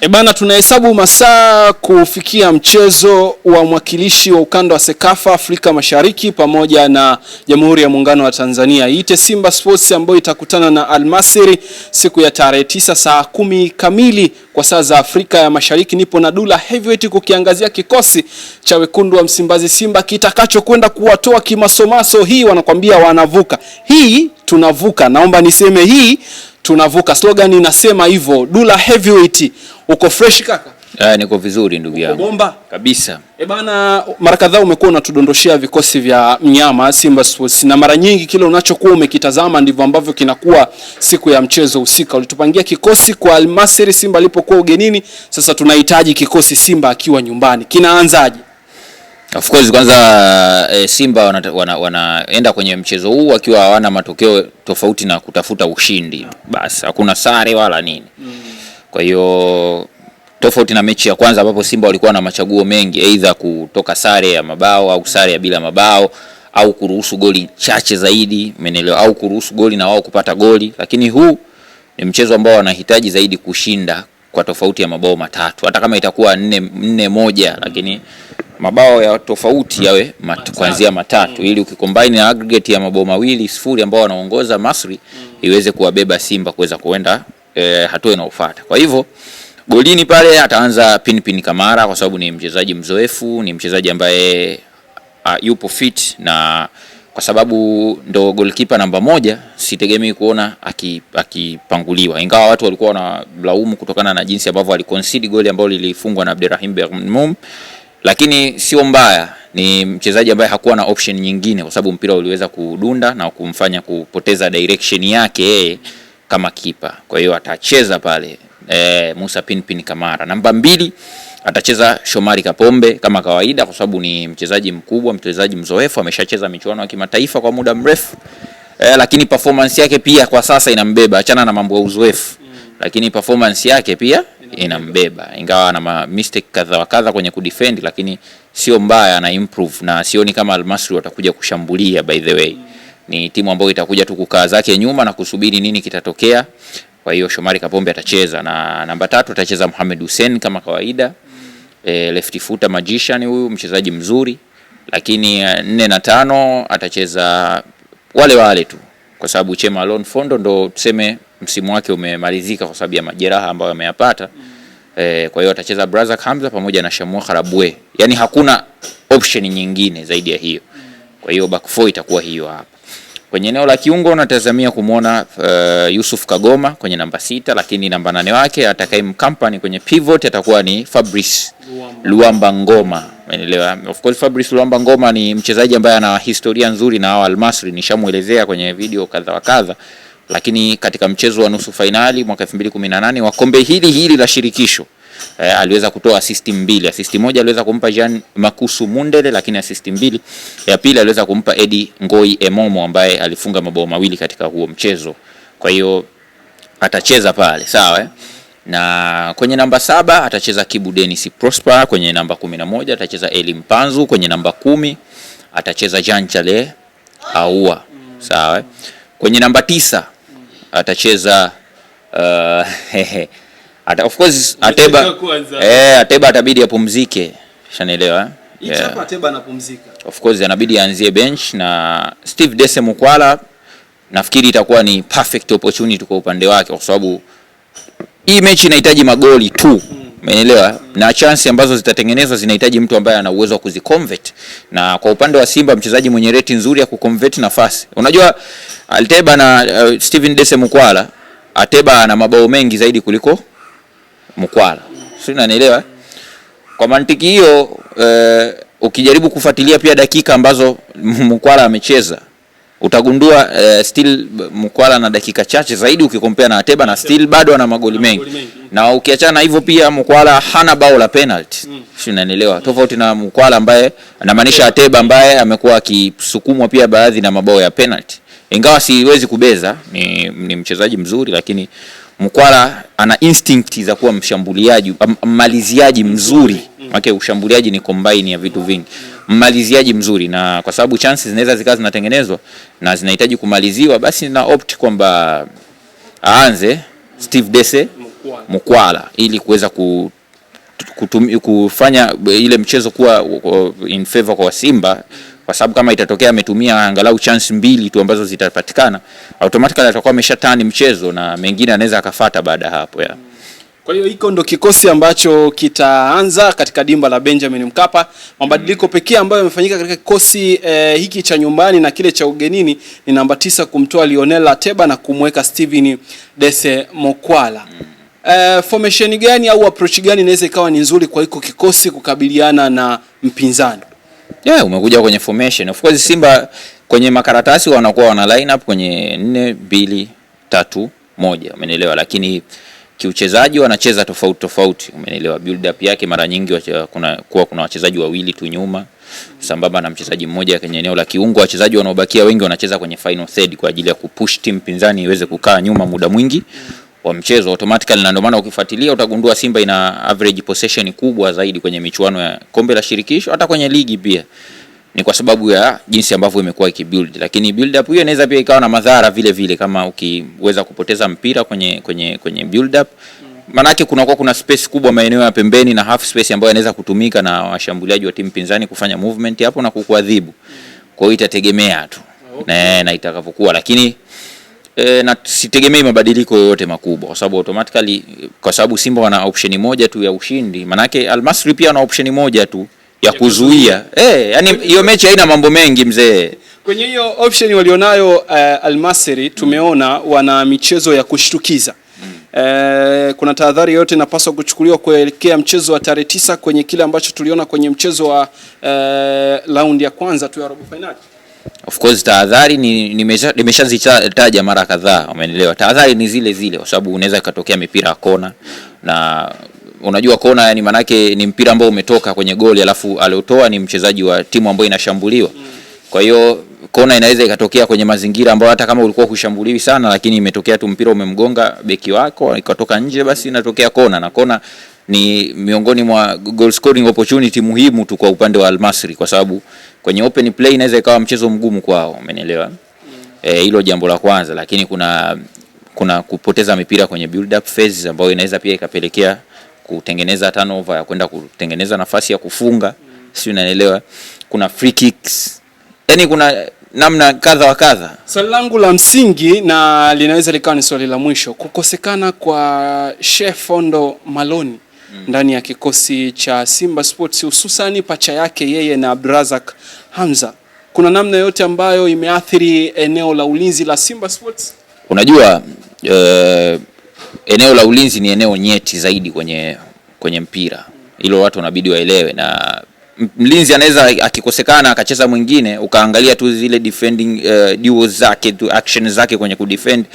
E bana, tunahesabu masaa kufikia mchezo wa mwakilishi wa ukanda wa Sekafa Afrika Mashariki pamoja na Jamhuri ya Muungano wa Tanzania iite Simba Sports ambayo itakutana na Almasiri siku ya tarehe tisa saa kumi kamili kwa saa za Afrika ya Mashariki. Nipo na Dula Heavyweight kukiangazia kikosi cha wekundu wa Msimbazi Simba kitakacho kwenda kuwatoa kimasomaso. Hii wanakwambia wanavuka, hii tunavuka. Naomba niseme hii tunavuka. Slogan inasema hivyo. Dula Heavyweight, uko fresh kaka? Ah, niko vizuri ndugu yangu. Bomba kabisa. E bana, mara kadhaa umekuwa unatudondoshea vikosi vya mnyama Simba Sports na mara nyingi kile unachokuwa umekitazama ndivyo ambavyo kinakuwa siku ya mchezo husika. Ulitupangia kikosi kwa Almasiri Simba alipokuwa ugenini, sasa tunahitaji kikosi Simba akiwa nyumbani. Kinaanzaje? Of course kwanza e, Simba wanaenda wana, wana kwenye mchezo huu wakiwa hawana matokeo tofauti na kutafuta ushindi, basi hakuna sare wala nini. Mm. Kwa hiyo tofauti na mechi ya kwanza ambapo Simba walikuwa na machaguo mengi, aidha kutoka sare ya mabao au sare ya bila mabao au kuruhusu goli chache zaidi, umeelewa, au kuruhusu goli na wao kupata goli, lakini huu ni mchezo ambao wanahitaji zaidi kushinda kwa tofauti ya mabao matatu, hata kama itakuwa nne nne moja, lakini mabao ya tofauti yawe mat, kuanzia matatu ili ukikombine na aggregate ya mabao mawili sifuri ambao wanaongoza Masri iweze kuwabeba Simba kuweza kuenda e, hatua inayofuata. Kwa hivyo golini pale ataanza Pinpin Kamara kwa sababu ni mchezaji mzoefu, ni mchezaji ambaye a, ah, yupo fit na kwa sababu ndo golkipa namba moja, sitegemei kuona akipanguliwa aki, ingawa watu walikuwa wanamlaumu kutokana na jinsi ambavyo aliconcede goli ambalo lilifungwa na Abderrahim Bernmoum lakini sio mbaya, ni mchezaji ambaye hakuwa na option nyingine, kwa sababu mpira uliweza kudunda na kumfanya kupoteza direction yake yeye kama kipa. Kwa hiyo atacheza pale e, Musa Pinpin Kamara. Namba mbili atacheza Shomari Kapombe kama kawaida, kwa sababu ni mchezaji mkubwa, mchezaji mzoefu, ameshacheza michuano ya kimataifa kwa muda mrefu e, lakini performance yake pia kwa sasa inambeba, achana na mambo ya uzoefu, lakini performance yake pia inambeba, ingawa ana mistake kadha wa kadha kwenye kudefend, lakini sio mbaya, ana improve na sioni kama Almasri watakuja kushambulia. By the way, ni timu ambayo itakuja tu kukaa zake nyuma na kusubiri nini kitatokea. Kwa hiyo Shomari Kapombe atacheza na namba tatu atacheza Mohamed Hussein kama kawaida. E, left footer magician huyu mchezaji mzuri, lakini e, nne na tano atacheza wale wale tu, kwa sababu Chema Alon Fondo ndo tuseme msimu wake umemalizika kwa sababu ya majeraha ambayo ameyapata. E, kwa hiyo atacheza Brazak Hamza pamoja na Shamua Karabwe, yaani hakuna option nyingine zaidi ya hiyo. Mm. Kwa hiyo back four itakuwa hiyo hapa. Kwenye eneo la kiungo natazamia kumwona uh, Yusuf Kagoma kwenye namba sita, lakini namba nane wake atakaye mkampani kwenye pivot atakuwa ni Fabrice Luamba, Ngoma. Umeelewa? Of course Fabrice Luamba Ngoma ni mchezaji ambaye ana historia nzuri na hao Al Masry, nishamuelezea kwenye video kadha wa kadha lakini katika mchezo wa nusu fainali mwaka 2018 wa kombe hili hili la shirikisho e, aliweza kutoa asisti mbili. Asisti moja aliweza kumpa Jean Makusu Mundele, lakini asisti mbili ya pili aliweza kumpa Edi Ngoi Emomo ambaye alifunga mabao mawili katika huo mchezo. Kwa hiyo atacheza pale sawa eh? na kwenye namba saba atacheza Kibu Dennis Prosper, kwenye namba kumi na moja atacheza Eli Mpanzu, kwenye namba kumi atacheza Jean Chale Aua sawa eh? kwenye namba tisa atacheza uh, Ata, of course Ateba eh, Ateba atabidi apumzike, shanielewa eh? yeah. Ateba anapumzika, of course anabidi aanzie bench na Steve Dese Mukwala, nafikiri itakuwa ni perfect opportunity kwa upande wake, kwa sababu hii mechi inahitaji magoli tu mm. Umeelewa? Mm. Na chansi ambazo zitatengenezwa zinahitaji mtu ambaye ana uwezo wa kuziconvert. Na kwa upande wa Simba mchezaji mwenye reti nzuri ya kuconvert nafasi. Unajua Alteba na uh, Steven Dese Mukwala, Ateba ana mabao mengi zaidi kuliko Mukwala. Sio, unanielewa? Kwa mantiki hiyo uh, ukijaribu kufuatilia pia dakika ambazo Mukwala amecheza utagundua uh, still mkwala na dakika chache zaidi ukikompea na Ateba na still bado ana magoli mengi na ukiachana hivyo pia Mkwala hana bao la penalty mm. si unanielewa, tofauti na Mkwala ambaye anamaanisha Ateba ambaye amekuwa akisukumwa pia baadhi na mabao ya penalty, ingawa siwezi kubeza ni, ni mchezaji mzuri lakini Mkwala ana instinct za kuwa mshambuliaji mmaliziaji mzuri mm. ushambuliaji ni combine ya vitu vingi, mmaliziaji mzuri, na kwa sababu chances zinaweza zikawa zinatengenezwa na zinahitaji kumaliziwa, basi na opt kwamba aanze Steve Dese Mkwala ili kuweza ku kutumi, kufanya ile mchezo kuwa in favor kwa Simba kwa sababu kama itatokea ametumia angalau chance mbili tu ambazo zitapatikana, automatically atakuwa ameshatani mchezo na mengine anaweza akafata baada hapo ya. Kwa hiyo hiko ndo kikosi ambacho kitaanza katika dimba la Benjamin Mkapa. Mabadiliko pekee ambayo yamefanyika katika kikosi eh, hiki cha nyumbani na kile cha ugenini ni namba tisa kumtoa Lionel Ateba na kumweka Steven Dese Mokwala uh, formation gani au approach gani inaweza ikawa ni nzuri kwa iko kikosi kukabiliana na mpinzani? Yeah, umekuja kwenye formation. Of course Simba kwenye makaratasi wanakuwa wana line up kwenye 4 2 3 1, umeelewa? Lakini kiuchezaji wanacheza tofauti tofauti, umeelewa? Build up yake mara nyingi wache, kuna kuwa kuna wachezaji wawili tu nyuma sambamba na mchezaji mmoja kwenye eneo la kiungo. Wachezaji wanaobakia wengi wanacheza kwenye final third kwa ajili ya kupush team pinzani iweze kukaa nyuma muda mwingi wa mchezo automatically, na ndio maana ukifuatilia utagundua Simba ina average possession kubwa zaidi kwenye michuano ya kombe la shirikisho, hata kwenye ligi pia ni kwa sababu ya jinsi ambavyo imekuwa ikibuild, lakini build up hiyo inaweza pia ikawa na madhara vile vile, kama ukiweza kupoteza mpira kwenye kwenye kwenye build up, maanake kunakuwa kuna space kubwa maeneo ya pembeni na half space ambayo inaweza kutumika na washambuliaji wa timu pinzani kufanya movement hapo na kukuadhibu. Kwa hiyo itategemea tu na, na itakavyokuwa lakini e, na sitegemei mabadiliko yoyote makubwa, kwa sababu automatically, kwa sababu Simba wana option moja tu ya ushindi, manake Almasri pia wana option moja tu ya kuzuia eh, yani hiyo mechi haina mambo mengi mzee. Kwenye hiyo option walionayo uh, Almasri mm. tumeona wana michezo ya kushtukiza. Mm. Eh, kuna tahadhari yote inapaswa kuchukuliwa kuelekea mchezo wa tarehe tisa kwenye kile ambacho tuliona kwenye mchezo wa eh, raundi ya kwanza tu ya robo finali. Of course tahadhari ni nimeshazitaja mara kadhaa, umeelewa. Tahadhari ni zile zile, kwa sababu unaweza ikatokea mipira ya kona, na unajua kona, yani manake ni mpira ambao umetoka kwenye goli, alafu aliotoa ni mchezaji wa timu ambayo inashambuliwa. Kwa hiyo kona inaweza ikatokea kwenye mazingira ambayo hata kama ulikuwa kushambuliwi sana, lakini imetokea tu mpira umemgonga beki wako ikatoka nje, basi inatokea kona, na kona ni miongoni mwa goal scoring opportunity muhimu tu kwa upande wa Almasri kwa sababu kwenye open play inaweza ikawa mchezo mgumu kwao, umenielewa? Mm. Eh, hilo jambo la kwanza, lakini kuna kuna kupoteza mipira kwenye build up phase ambayo inaweza pia ikapelekea kutengeneza turnover ya kwenda kutengeneza nafasi ya kufunga, mm. si unaelewa? Kuna free kicks, yani kuna namna kadha wa kadha. Swali langu la msingi na linaweza likawa ni swali la mwisho, kukosekana kwa Chef Fondo Maloni Mm-hmm. ndani ya kikosi cha Simba Sports, hususani pacha yake yeye na Abdrazak Hamza, kuna namna yote ambayo imeathiri eneo la ulinzi la Simba Sports? Unajua uh, eneo la ulinzi ni eneo nyeti zaidi kwenye, kwenye mpira, hilo watu wanabidi waelewe na mlinzi anaweza akikosekana akacheza mwingine, ukaangalia tu zile defending uh, eh, duo zake tu action zake kwenye kudefend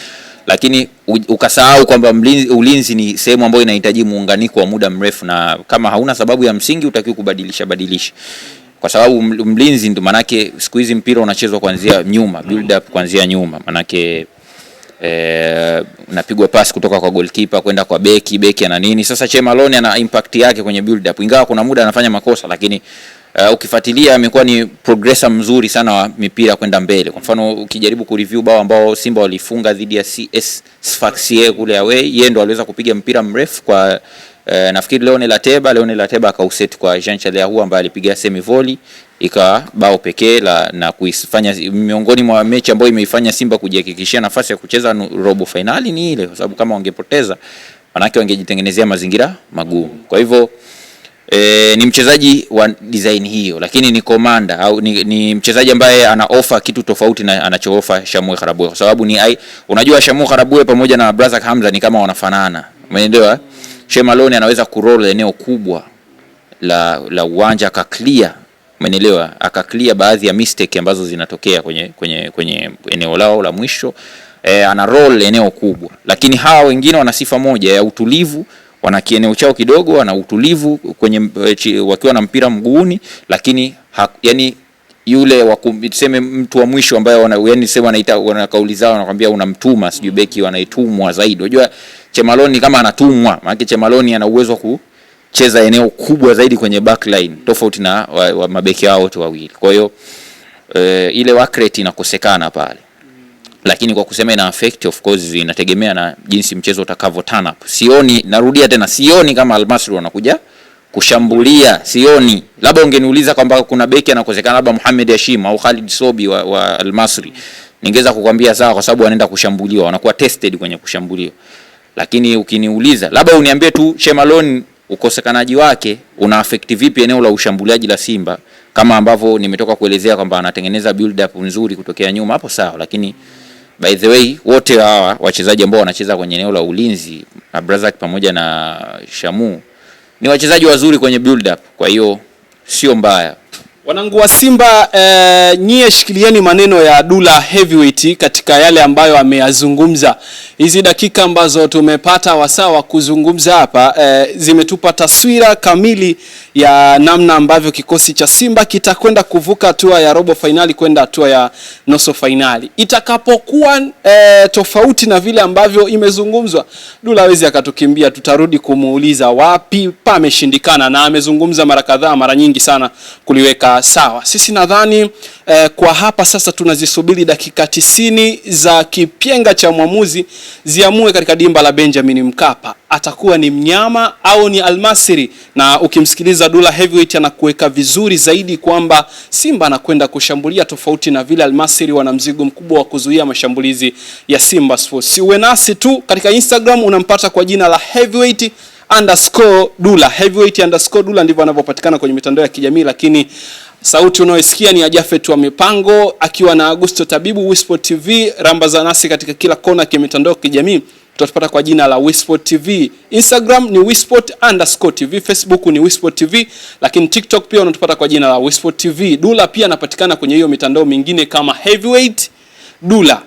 lakini ukasahau kwamba ulinzi ni sehemu ambayo inahitaji muunganiko wa muda mrefu, na kama hauna sababu ya msingi utakiwa kubadilisha badilisha, kwa sababu mlinzi ndio manake. Siku hizi mpira unachezwa kuanzia nyuma, build up kuanzia nyuma, manake Eh, napigwa pass kutoka kwa goalkeeper kwenda kwa beki, beki ana nini sasa. Chemalone ana impact yake kwenye build up, ingawa kuna muda anafanya makosa, lakini Uh, ukifuatilia amekuwa ni progressa mzuri sana wa mipira kwenda mbele. Kwa mfano ukijaribu kureview bao ambao Simba walifunga dhidi ya CS Sfaxien kule away, yeye ndo aliweza kupiga mpira mrefu kwa uh, nafikiri Leone Lateba, Leone Lateba akauset kwa Jean Chalea ambaye alipiga semi volley ika bao pekee la na kuifanya miongoni mwa mechi ambayo imeifanya Simba kujihakikishia nafasi ya kucheza robo finali ni ile, kwa sababu kama wangepoteza manake wangejitengenezea mazingira magumu. Kwa hivyo E, ni mchezaji wa design hiyo, lakini ni komanda au ni, ni mchezaji ambaye ana offer kitu tofauti na anachoofa Shamwe Karabwe, kwa sababu ni ai, unajua Shamwe Karabwe pamoja na Brother Hamza ni kama wanafanana, umeelewa? Shemalone anaweza kuroll eneo kubwa la la uwanja aka clear, umeelewa? Aka clear baadhi ya mistake ambazo zinatokea kwenye kwenye kwenye eneo lao la mwisho. E, ana roll eneo kubwa, lakini hawa wengine wana sifa moja ya utulivu wana kieneo chao kidogo, wana utulivu kwenye eh, wakiwa na mpira mguuni, lakini ha, yani yule wakuseme mtu wa mwisho ambaye yani sema wanaita wana kauli zao wanakwambia unamtuma sijui beki wanaitumwa zaidi. Unajua Chemaloni kama anatumwa, maana Chemaloni ana uwezo ku cheza eneo kubwa zaidi kwenye backline tofauti na wa, wa mabeki hao wote wawili. Kwa hiyo e, ile wakreti inakosekana pale lakini kwa kusema ina affect of course inategemea na jinsi mchezo utakavyo turn up. Sioni, narudia tena, sioni kama Almasri wanakuja kushambulia, sioni. Labda ungeniuliza kwamba kuna beki anakosekana, labda Mohamed Hashim au Khalid Sobi wa, wa Almasri, ningeweza kukwambia sawa, kwa sababu wanaenda kushambuliwa, wanakuwa tested kwenye kushambulia. Lakini ukiniuliza labda uniambie tu Shemalon ukosekanaji wake una affect vipi eneo la ushambuliaji la Simba, kama ambavyo nimetoka kuelezea kwamba anatengeneza build up nzuri kutokea nyuma, hapo sawa, lakini by the way wote hawa wachezaji ambao wanacheza kwenye eneo la ulinzi Abrazak pamoja na Shamu ni wachezaji wazuri kwenye build up, kwa hiyo sio mbaya. Wanangua Simba eh, nyie shikilieni maneno ya Dula Heavyweight katika yale ambayo ameyazungumza. Hizi dakika ambazo tumepata wasaa wa kuzungumza hapa eh, zimetupa taswira kamili ya namna ambavyo kikosi cha Simba kitakwenda kuvuka hatua ya robo fainali kwenda hatua ya nusu fainali itakapokuwa e, tofauti na vile ambavyo imezungumzwa. Dula hawezi akatukimbia, tutarudi kumuuliza wapi pameshindikana, na amezungumza mara kadhaa, mara nyingi sana kuliweka sawa. Sisi nadhani e, kwa hapa sasa tunazisubiri dakika tisini za kipyenga cha mwamuzi ziamue katika dimba la Benjamin Mkapa atakuwa ni mnyama au ni almasiri. Na ukimsikiliza Dula Heavyweight anakuweka vizuri zaidi kwamba Simba anakwenda kushambulia tofauti na vile almasiri wana mzigo mkubwa wa kuzuia mashambulizi ya Simba Sports. Uwe nasi tu katika Instagram unampata kwa jina la Heavyweight underscore Dula. Heavyweight underscore Dula ndivyo anavyopatikana kwenye mitandao ya kijamii, lakini sauti unayoisikia ni Ajafet wa mipango akiwa na Augusto Tabibu, Wispo TV, ramba za nasi katika kila kona ya mitandao ya kijamii. Tutapata kwa jina la Wisport TV. Instagram ni Wisport underscore TV, Facebook ni Wisport TV, lakini TikTok pia unatupata kwa jina la Wisport TV. Dula pia anapatikana kwenye hiyo mitandao mingine kama Heavyweight Dula.